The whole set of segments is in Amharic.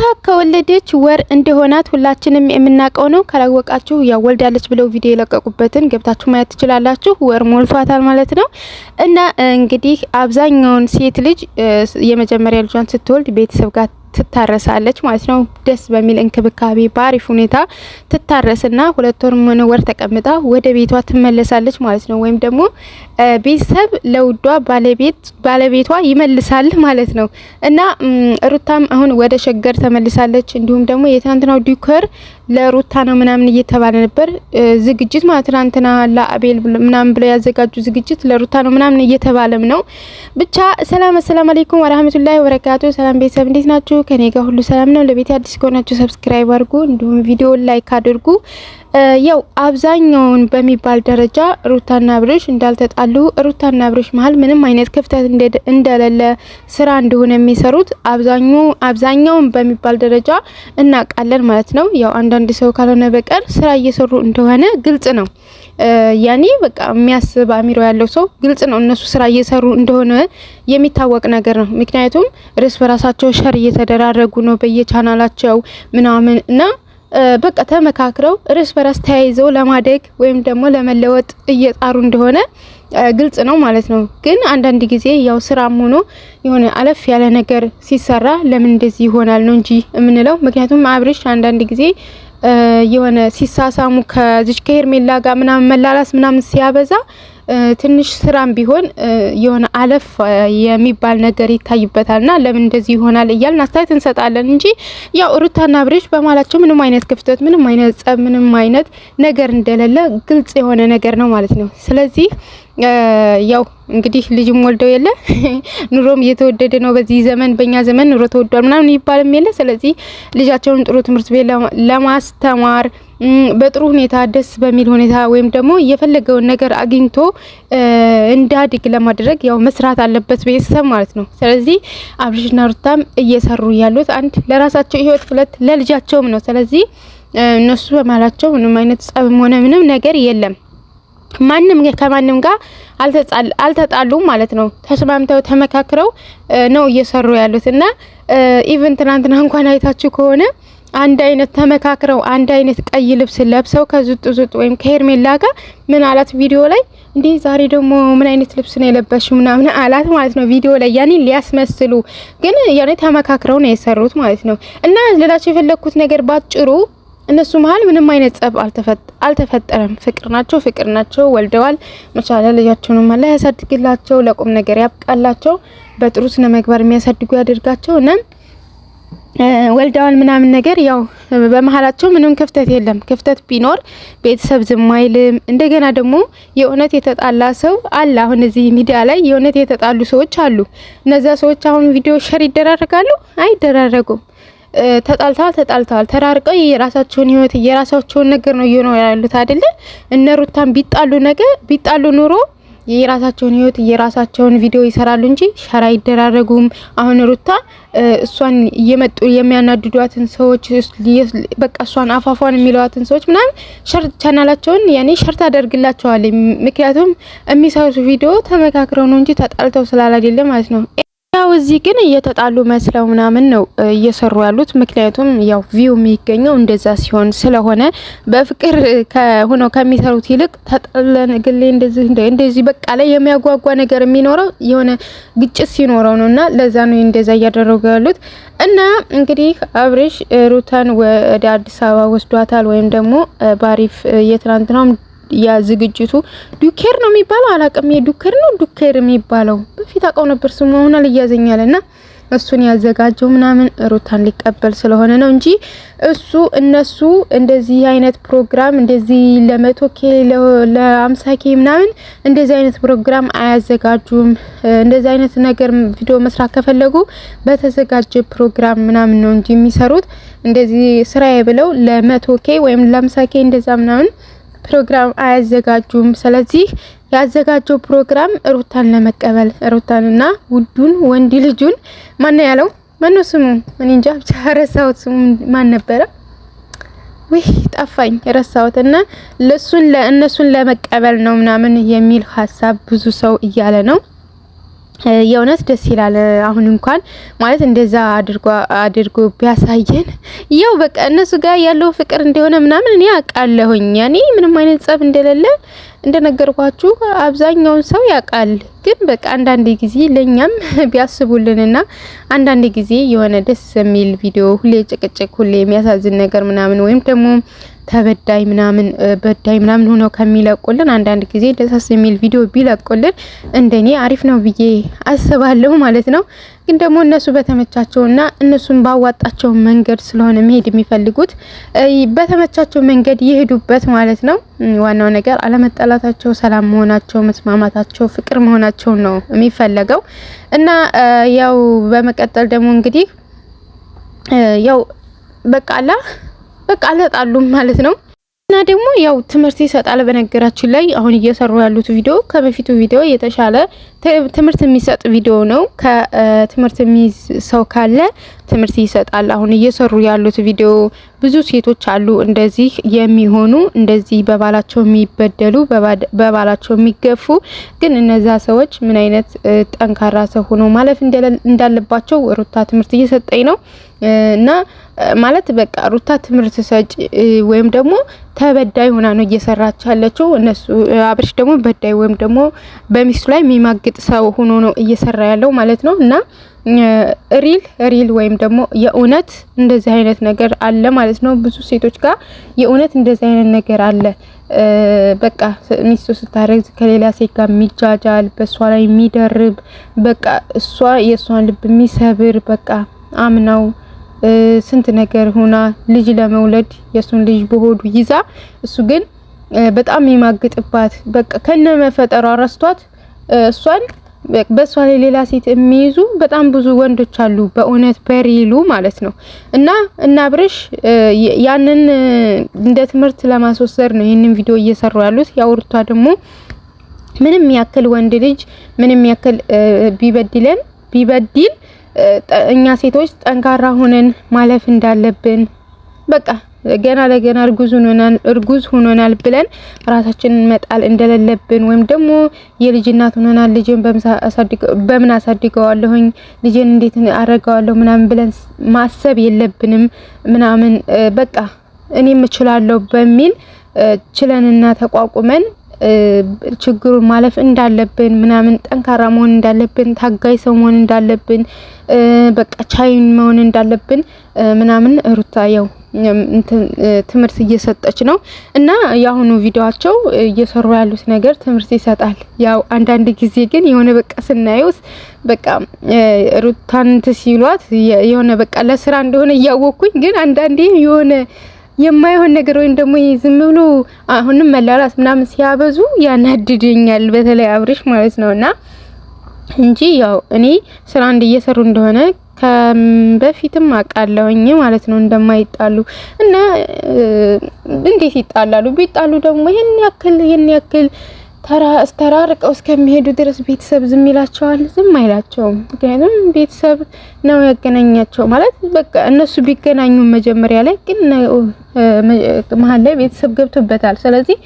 ሩታ ከወለደች ወር እንደሆናት ሁላችንም የምናውቀው ነው። ካላወቃችሁ ያው ወልዳለች ብለው ቪዲዮ የለቀቁበትን ገብታችሁ ማየት ትችላላችሁ። ወር ሞልቷታል ማለት ነው። እና እንግዲህ አብዛኛውን ሴት ልጅ የመጀመሪያ ልጇን ስትወልድ ቤተሰብ ጋር ትታረሳለች ማለት ነው። ደስ በሚል እንክብካቤ በአሪፍ ሁኔታ ትታረስና ሁለት ወር ሆነ ወር ተቀምጣ ወደ ቤቷ ትመለሳለች ማለት ነው። ወይም ደግሞ ቤተሰብ ለውዷ ባለቤት ባለቤቷ ይመልሳል ማለት ነው እና ሩታም አሁን ወደ ሸገር ተመልሳለች። እንዲሁም ደግሞ የትናንትናው ዲኮር ለሩታ ነው ምናምን እየተባለ ነበር ዝግጅት ማለት ትናንትና ለአቤል ምናምን ብለው ያዘጋጁ ዝግጅት ለሩታ ነው ምናምን እየተባለም ነው። ብቻ ሰላም፣ አሰላም አለይኩም ወራህመቱላሂ ወበረካቱ። ሰላም ቤተሰብ እንዴት ናችሁ? ከኔ ጋር ሁሉ ሰላም ነው። ለቤት አዲስ ከሆናችሁ ሰብስክራይብ አድርጉ፣ እንዲሁም ቪዲዮ ላይክ አድርጉ። ያው አብዛኛውን በሚባል ደረጃ ሩታና ብርሽ እንዳልተጣሉ ሩታና ብርሽ መሀል ምንም አይነት ክፍተት እንደሌለ ስራ እንደሆነ የሚሰሩት አብዛኛውን በሚባል ደረጃ እናውቃለን ማለት ነው። ያው አንዳንድ ሰው ካልሆነ በቀር ስራ እየሰሩ እንደሆነ ግልጽ ነው። ያኔ በቃ የሚያስብ አሚሮ ያለው ሰው ግልጽ ነው። እነሱ ስራ እየሰሩ እንደሆነ የሚታወቅ ነገር ነው። ምክንያቱም እርስ በራሳቸው ሸር እየተደራረጉ ነው በየቻናላቸው ምናምን እና በቃ ተመካክረው እርስ በራስ ተያይዘው ለማደግ ወይም ደግሞ ለመለወጥ እየጣሩ እንደሆነ ግልጽ ነው ማለት ነው። ግን አንዳንድ ጊዜ ያው ስራም ሆኖ የሆነ አለፍ ያለ ነገር ሲሰራ ለምን እንደዚህ ይሆናል ነው እንጂ የምንለው። ምክንያቱም አብርሽ አንዳንድ ጊዜ የሆነ ሲሳሳሙ ከዚች ከሄርሜላ ጋር ምናምን መላላስ ምናምን ሲያበዛ ትንሽ ስራም ቢሆን የሆነ አለፍ የሚባል ነገር ና ለምን እንደዚህ ይሆናል እያልን አስተያየት እንሰጣለን እንጂ ያው ሩታና ብሬሽ በማላቸው ምንም አይነት ክፍተት፣ ምንም አይነት ጸብ፣ ምንም አይነት ነገር እንደሌለ ግልጽ የሆነ ነገር ነው ማለት ነው። ስለዚህ ያው እንግዲህ ልጅም ወልደው የለ ኑሮም እየተወደደ ነው። በዚህ ዘመን በእኛ ዘመን ኑሮ ተወዷል ምናምን ይባልም የለ። ስለዚህ ልጃቸውን ጥሩ ትምህርት ቤት ለማስተማር በጥሩ ሁኔታ ደስ በሚል ሁኔታ ወይም ደግሞ የፈለገውን ነገር አግኝቶ እንዳድግ ለማድረግ ያው መስራት አለበት ቤተሰብ ማለት ነው። ስለዚህ አብርሽና ሩታም እየሰሩ ያሉት አንድ ለራሳቸው ህይወት፣ ሁለት ለልጃቸውም ነው። ስለዚህ እነሱ በማላቸው ምንም አይነት ጸብም ሆነ ምንም ነገር የለም። ማንም ከማንም ጋር አልተጣሉም ማለት ነው። ተስማምተው ተመካክረው ነው እየሰሩ ያሉት እና ኢቭን ትናንትና እንኳን አይታችሁ ከሆነ አንድ አይነት ተመካክረው አንድ አይነት ቀይ ልብስ ለብሰው ከዙጥ ዙጥ ወይም ከሄርሜላ ጋር ምን አላት ቪዲዮ ላይ እንዲህ ዛሬ ደግሞ ምን አይነት ልብስ ነው የለበሽው ምናምን አላት ማለት ነው ቪዲዮ ላይ ያኔ ሊያስመስሉ ግን ያኔ ተመካክረው ነው የሰሩት ማለት ነው እና ልላቸው የፈለግኩት ነገር ባጭሩ እነሱ መሀል ምንም አይነት ጸብ አልተፈጠረም። ፍቅር ናቸው፣ ፍቅር ናቸው፣ ወልደዋል። መቻለ ልጃቸውንም አላ ያሳድግላቸው፣ ለቁም ነገር ያብቃላቸው፣ በጥሩ ስነ መግባር የሚያሳድጉ ያደርጋቸው። እናም ወልደዋል ምናምን ነገር ያው በመሀላቸው ምንም ክፍተት የለም። ክፍተት ቢኖር ቤተሰብ ዝም አይልም። እንደገና ደግሞ የእውነት የተጣላ ሰው አለ። አሁን እዚህ ሚዲያ ላይ የእውነት የተጣሉ ሰዎች አሉ። እነዛ ሰዎች አሁን ቪዲዮ ሸር ይደራረጋሉ? አይደራረጉም። ተጣልተዋል ተጣልተዋል ተራርቀው የራሳቸውን ህይወት የራሳቸውን ነገር ነው እየኖሩ ያሉት አይደለ? እነ ሩታን ቢጣሉ ነገ ቢጣሉ ኑሮ የራሳቸውን ህይወት የራሳቸውን ቪዲዮ ይሰራሉ እንጂ ሸራ አይደራረጉም። አሁን ሩታ እሷን እየመጡ የሚያናድዷትን ሰዎች በቃ እሷን አፋፏን የሚለዋትን ሰዎች ምናምን ሸርት ቻናላቸውን ያኔ ሸርት አደርግላቸዋል። ምክንያቱም የሚሰሩት ቪዲዮ ተመካክረው ነው እንጂ ተጣልተው ስላላደለ ማለት ነው። ያው እዚህ ግን እየተጣሉ መስለው ምናምን ነው እየሰሩ ያሉት። ምክንያቱም ያው ቪው የሚገኘው እንደዛ ሲሆን ስለሆነ በፍቅር ሆኖ ከሚሰሩት ይልቅ ተጠለን ግሌ እንደዚህ እንደዚህ በቃ ላይ የሚያጓጓ ነገር የሚኖረው የሆነ ግጭት ሲኖረው ነው እና ለዛ ነው እንደዛ እያደረጉ ያሉት። እና እንግዲህ አብሬሽ ሩታን ወደ አዲስ አበባ ወስዷታል ወይም ደግሞ ባሪፍ የትናንትናውም ያ ዝግጅቱ ዱኬር ነው የሚባለው አላቅም። የዱኬር ነው ዱኬር የሚባለው በፊት አውቀው ነበር ስሙ ሆነ ልያዘኛልና እሱን ያዘጋጀው ምናምን ሩታን ሊቀበል ስለሆነ ነው እንጂ እሱ እነሱ እንደዚህ አይነት ፕሮግራም እንደዚህ ለመቶ ኬ ለአምሳ ኬ ምናምን እንደዚህ አይነት ፕሮግራም አያዘጋጁም። እንደዚህ አይነት ነገር ቪዲዮ መስራት ከፈለጉ በተዘጋጀ ፕሮግራም ምናምን ነው እንጂ የሚሰሩት እንደዚህ ስራዬ ብለው ለመቶ ኬ ወይም ለአምሳ ኬ እንደዛ ምናምን ፕሮግራም አያዘጋጁም። ስለዚህ ያዘጋጀው ፕሮግራም ሩታን ለመቀበል ሩታንና ውዱን ወንድ ልጁን ማን ያለው ማን ነው ስሙ? እኔ እንጃ ብቻ ረሳሁት። ስሙ ማን ነበረ? ውይ ጠፋኝ፣ ረሳሁት። እና ለሱን ለእነሱን ለመቀበል ነው ምናምን የሚል ሀሳብ ብዙ ሰው እያለ ነው። የእውነት ደስ ይላል። አሁን እንኳን ማለት እንደዛ አድርጎ ቢያሳየን ያው በቃ እነሱ ጋር ያለው ፍቅር እንደሆነ ምናምን እኔ አውቃለሁኝ። ያኔ ምንም አይነት ጸብ እንደሌለ እንደነገርኳችሁ አብዛኛውን ሰው ያውቃል። ግን በቃ አንዳንድ ጊዜ ለኛም ቢያስቡልንና አንዳንድ ጊዜ የሆነ ደስ የሚል ቪዲዮ፣ ሁሌ ጭቅጭቅ፣ ሁሌ የሚያሳዝን ነገር ምናምን ወይም ደግሞ ተበዳይ ምናምን በዳይ ምናምን ሆነው ከሚለቁልን አንዳንድ ጊዜ ደሳስ የሚል ቪዲዮ ቢለቁልን እንደኔ አሪፍ ነው ብዬ አስባለሁ ማለት ነው። ግን ደግሞ እነሱ በተመቻቸውና እነሱን ባዋጣቸው መንገድ ስለሆነ መሄድ የሚፈልጉት በተመቻቸው መንገድ ይሄዱበት ማለት ነው። ዋናው ነገር አለመጠላታቸው፣ ሰላም መሆናቸው፣ መስማማታቸው፣ ፍቅር መሆናቸው ነው የሚፈለገው እና ያው በመቀጠል ደግሞ እንግዲህ ያው በቃላ በቃ አልጣሉም ማለት ነው። እና ደግሞ ያው ትምህርት ይሰጣል። በነገራችን ላይ አሁን እየሰሩ ያሉት ቪዲዮ ከበፊቱ ቪዲዮ የተሻለ ትምህርት የሚሰጥ ቪዲዮ ነው። ከትምህርት የሚይዝ ሰው ካለ ትምህርት ይሰጣል። አሁን እየሰሩ ያሉት ቪዲዮ ብዙ ሴቶች አሉ እንደዚህ የሚሆኑ እንደዚህ በባላቸው የሚበደሉ በባላቸው የሚገፉ ግን እነዛ ሰዎች ምን አይነት ጠንካራ ሰው ሆኖ ማለፍ እንዳለባቸው ሩታ ትምህርት እየሰጠኝ ነው። እና ማለት በቃ ሩታ ትምህርት ሰጪ ወይም ደግሞ ተበዳይ ሆና ነው እየሰራች ያለችው። እነሱ አብርሽ ደግሞ በዳይ ወይም ደግሞ በሚስቱ ላይ የሚማግጥ ሰው ሆኖ ነው እየሰራ ያለው ማለት ነው። እና ሪል ሪል ወይም ደግሞ የእውነት እንደዚህ አይነት ነገር አለ ማለት ነው። ብዙ ሴቶች ጋር የእውነት እንደዚህ አይነት ነገር አለ። በቃ ሚስቱ ስታረግዝ ከሌላ ሴት ጋር የሚጃጃል፣ በእሷ ላይ የሚደርብ፣ በቃ እሷ የእሷን ልብ የሚሰብር በቃ አምናው ስንት ነገር ሆና ልጅ ለመውለድ የሱን ልጅ በሆዱ ይዛ እሱ ግን በጣም የማግጥባት በቃ ከነ መፈጠሯ ረስቷት እሷን በእሷ ላይ ሌላ ሴት የሚይዙ በጣም ብዙ ወንዶች አሉ፣ በእውነት በሪሉ ማለት ነው። እና እና አብርሽ ያንን እንደ ትምህርት ለማስወሰድ ነው ይህንን ቪዲዮ እየሰሩ ያሉት። ያውርቷ ደግሞ ምንም ያክል ወንድ ልጅ ምንም ያክል ቢበድለን ቢበድል እኛ ሴቶች ጠንካራ ሆነን ማለፍ እንዳለብን በቃ ገና ለገና እርጉዝ ሆነናል እርጉዝ ሆነናል ብለን ራሳችንን መጣል እንደሌለብን ወይም ደግሞ የልጅ እናት ሆነናል ልጅን በምን አሳድገዋለሁኝ ልጅን እንዴት አረገዋለሁ ምናምን ብለን ማሰብ የለብንም ምናምን በቃ እኔም እችላለሁ በሚል ችለንና ተቋቁመን ችግሩን ማለፍ እንዳለብን ምናምን ጠንካራ መሆን እንዳለብን ታጋይ ሰው መሆን እንዳለብን በቃ ቻይን መሆን እንዳለብን ምናምን ሩታ ያው ትምህርት እየሰጠች ነው እና የአሁኑ ቪዲዮቸው እየሰሩ ያሉት ነገር ትምህርት ይሰጣል። ያው አንዳንድ ጊዜ ግን የሆነ በቃ ስናየውስ በቃ ሩታንት ሲሏት የሆነ በቃ ለስራ እንደሆነ እያወቅኩኝ ግን አንዳንዴ የሆነ የማይሆን ነገር ወይም ደግሞ ዝም ብሎ አሁንም መላላስ ምናምን ሲያበዙ ያናድደኛል። በተለይ አብርሽ ማለት ነውና እንጂ ያው እኔ ስራ እንደ እየሰሩ እንደሆነ በፊትም አውቃለሁኝ ማለት ነው እንደማይጣሉ እና እንዴት ይጣላሉ? ቢጣሉ ደግሞ ይሄን ያክል ይሄን ያክል ተራ እስተራርቀው እስከሚሄዱ ድረስ ቤተሰብ ዝም ይላቸዋል? ዝም አይላቸውም። ምክንያቱም ቤተሰብ ነው ያገናኛቸው ማለት በቃ እነሱ ቢገናኙ መጀመሪያ ላይ ግን መሀል ላይ ቤተሰብ ገብቶበታል። ስለዚህ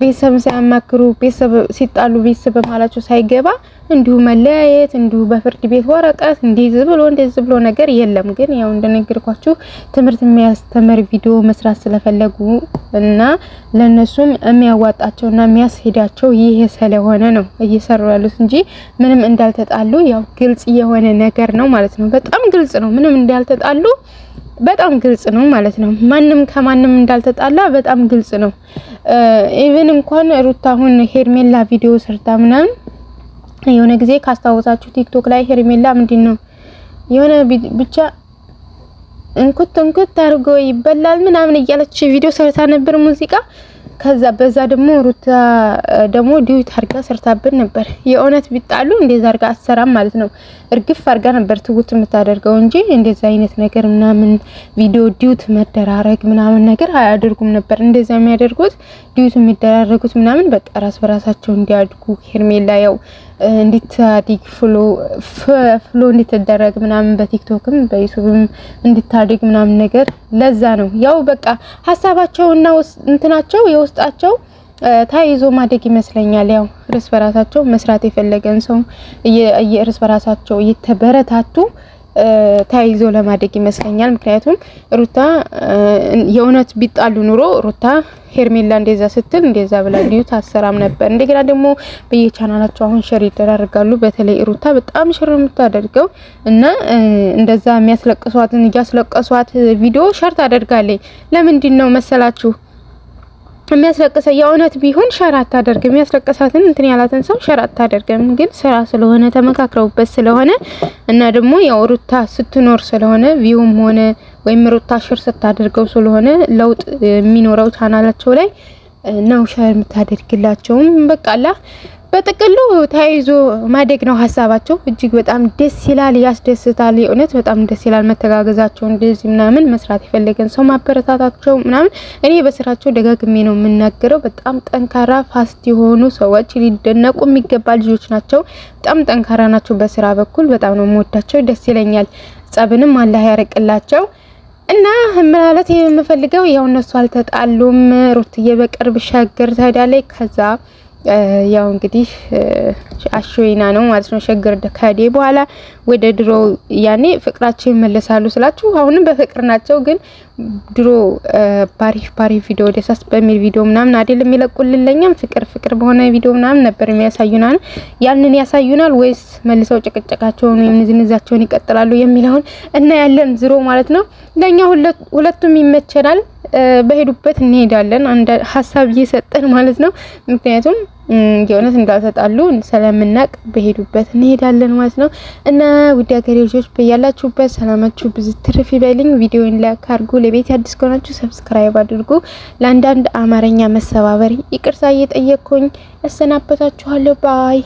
ቤተሰብን ሳያማክሩ ቤተሰብ ሲጣሉ ቤተሰብ በመሀላቸው ሳይገባ እንዲሁ መለያየት እንዲሁ በፍርድ ቤት ወረቀት እንዲህ ብሎ እንደዚህ ብሎ ነገር የለም። ግን ያው እንደነገርኳችሁ ትምህርት የሚያስተምር ቪዲዮ መስራት ስለፈለጉ እና ለነሱም የሚያዋጣቸውና የሚያስሄዳቸው ይሄ ስለሆነ ነው እየሰሩ ያሉት እንጂ ምንም እንዳልተጣሉ ያው ግልጽ የሆነ ነገር ነው ማለት ነው። በጣም ግልጽ ነው። ምንም እንዳልተጣሉ በጣም ግልጽ ነው ማለት ነው። ማንም ከማንም እንዳልተጣላ በጣም ግልጽ ነው። ኢቭን እንኳን ሩታ አሁን ሄርሜላ ቪዲዮ ሰርታ ምናምን የሆነ ጊዜ ካስታወሳችሁ ቲክቶክ ላይ ሄርሜላ ምንድን ነው የሆነ ብቻ እንኩት እንኩት አድርጎ ይበላል ምናምን እያለች ቪዲዮ ሰርታ ነበር ሙዚቃ ከዛ በዛ ደግሞ ሩታ ደግሞ ዲዩት አርጋ ሰርታብን ነበር። የእውነት ቢጣሉ እንደዛ አርጋ አሰራም ማለት ነው። እርግፍ አርጋ ነበር ትውት የምታደርገው እንጂ እንደዛ አይነት ነገር ምናምን ቪዲዮ ዲዩት መደራረግ ምናምን ነገር አያደርጉም ነበር። እንደዛ የሚያደርጉት ዲዩት የሚደራረጉት ምናምን በቃ ራስ በራሳቸው እንዲያድጉ ሄርሜላ ያው እንዲታድግ ፍሎ ፍሎ እንድትደረግ ምናምን በቲክቶክም በዩቱብም እንድታድግ ምናምን ነገር ለዛ ነው ያው በቃ ሀሳባቸውና እንትናቸው የውስጣቸው ተያይዞ ማደግ ይመስለኛል። ያው እርስ በራሳቸው መስራት የፈለገን ሰው እርስ በራሳቸው እየተበረታቱ ተያይዞ ለማደግ ይመስለኛል። ምክንያቱም ሩታ የእውነት ቢጣሉ ኑሮ ሩታ ሄርሜላ እንደዛ ስትል እንደዛ ብላ ታሰራም ነበር። እንደገና ደግሞ በየቻናላቸው አሁን ሸር ይደራርጋሉ። በተለይ ሩታ በጣም ሸር የምታደርገው እና እንደዛ የሚያስለቅሷትን እያስለቀሷት ቪዲዮ ሸር ታደርጋለች። ለምንድን ነው መሰላችሁ? የሚያስለቅሰ የእውነት ቢሆን ሸራ አታደርግም። የሚያስለቅሳትን እንትን ያላትን ሰው ሸራ አታደርግም። ግን ስራ ስለሆነ ተመካክረውበት ስለሆነ እና ደግሞ ያው ሩታ ስትኖር ስለሆነ ቪውም ሆነ ወይም ሩታ ሽር ስታደርገው ስለሆነ ለውጥ የሚኖረው ቻናላቸው ላይ ነው ሸር የምታደርግላቸውም በቃላ በጥቅሉ ተያይዞ ማደግ ነው ሀሳባቸው። እጅግ በጣም ደስ ይላል፣ ያስደስታል። የእውነት በጣም ደስ ይላል መተጋገዛቸው፣ እንደዚህ ምናምን መስራት የፈለገን ሰው ማበረታታቸው ምናምን። እኔ በስራቸው ደጋግሜ ነው የምናገረው። በጣም ጠንካራ ፋስት የሆኑ ሰዎች ሊደነቁ የሚገባ ልጆች ናቸው። በጣም ጠንካራ ናቸው በስራ በኩል። በጣም ነው የምወዳቸው፣ ደስ ይለኛል። ጸብንም አላህ ያርቅላቸው። እና ምናለት የምፈልገው ያው እነሱ አልተጣሉም። ሩትዬ በቅርብ ሸገር ትሄዳለች ከዛ ያው እንግዲህ አሽወይና ነው ማለት ነው። ሸገር ከሄደ በኋላ ወደ ድሮ ያኔ ፍቅራቸው ይመለሳሉ ስላችሁ አሁንም በፍቅር ናቸው፣ ግን ድሮ ባሪፍ ባሪፍ ቪዲዮ ደሳስ በሚል ቪዲዮ ምናምን አይደል የሚለቁልን ለኛም ፍቅር ፍቅር በሆነ ቪዲዮ ምናምን ነበር የሚያሳዩናል። ያንን ያሳዩናል ወይስ መልሰው ጭቅጭቃቸውን ወይም ንዝንዛቸውን ይቀጥላሉ የሚለውን እና ያለን ዝሮ ማለት ነው ለኛ ሁለቱም ይመቸናል። በሄዱበት እንሄዳለን። አንድ ሀሳብ እየሰጠን ማለት ነው። ምክንያቱም የእውነት እንዳልተጣሉ ስለምናቅ በሄዱበት እንሄዳለን ማለት ነው። እና ውድ ሀገሬ ልጆች በያላችሁበት ሰላማችሁ ብዙ ትርፍ ይበልኝ። ቪዲዮን ላይክ አድርጉ። ለቤት አዲስ ከሆናችሁ ሰብስክራይብ አድርጉ። ለአንዳንድ አማርኛ መሰባበር ይቅርታ እየጠየቅኩኝ እሰናበታችኋለሁ። ባይ